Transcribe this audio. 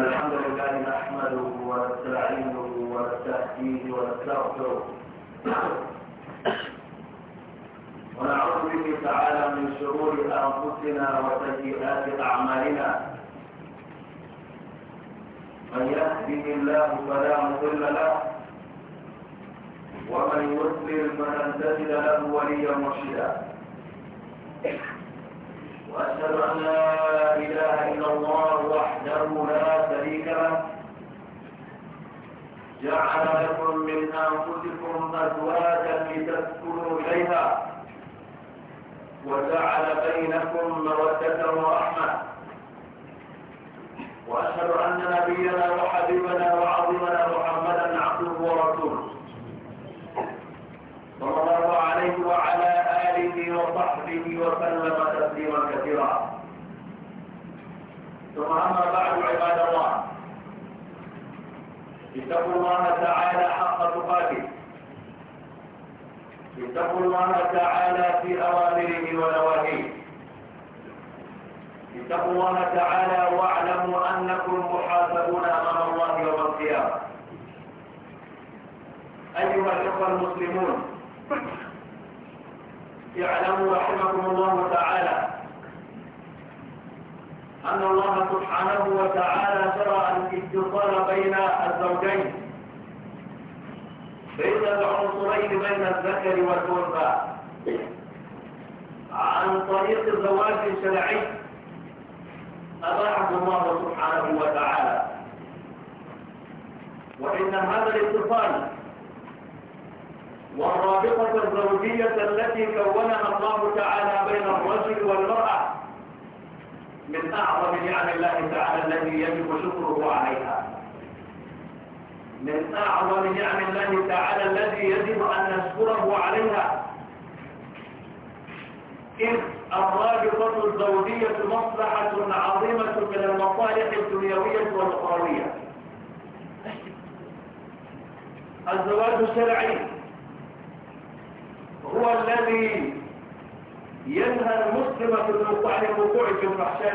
الحمد لله نحمده ونستعينه ونستهديه ونستغفره ونعوذ به تعالى من شرور أنفسنا وسيئات أعمالنا من يهده الله فلا مضل له ومن يضلل فلن تجد له وليا مرشدا واشهد ان لا اله الا الله وحده لا جعل لكم من أنفسكم أزواجا لتسكنوا إليها وجعل بينكم مودة ورحمة وأشهد أن نبينا وحبيبنا وعظيمنا محمدا عبده ورسوله صلى الله عليه وعلى آله وصحبه وسلم تسليما كثيرا ثم أما بعد اتقوا الله تعالى حق تقاته اتقوا الله تعالى في أوامره ونواهيه اتقوا الله تعالى واعلموا أنكم محاسبون أمام الله يوم القيامة أيها الأخوة المسلمون اعلموا رحمكم الله تعالى أن الله سبحانه وتعالى شرع الاتصال بين الزوجين بين العنصرين بين الذكر والأنثى عن طريق زواج شرعي أباحه الله سبحانه وتعالى وإن هذا الاتصال والرابطة الزوجية التي كونها الله تعالى بين الرجل والمرأة من أعظم نعم الله تعالى التي يجب شكره عليها من أعظم نعم الله تعالى التي يجب أن نشكره عليها إذ الرابطة الزوجية مصلحة عظيمة من المصالح الدنيوية والأخروية الزواج الشرعي هو الذي ينهى المسلم في الوقوع في الفحشاء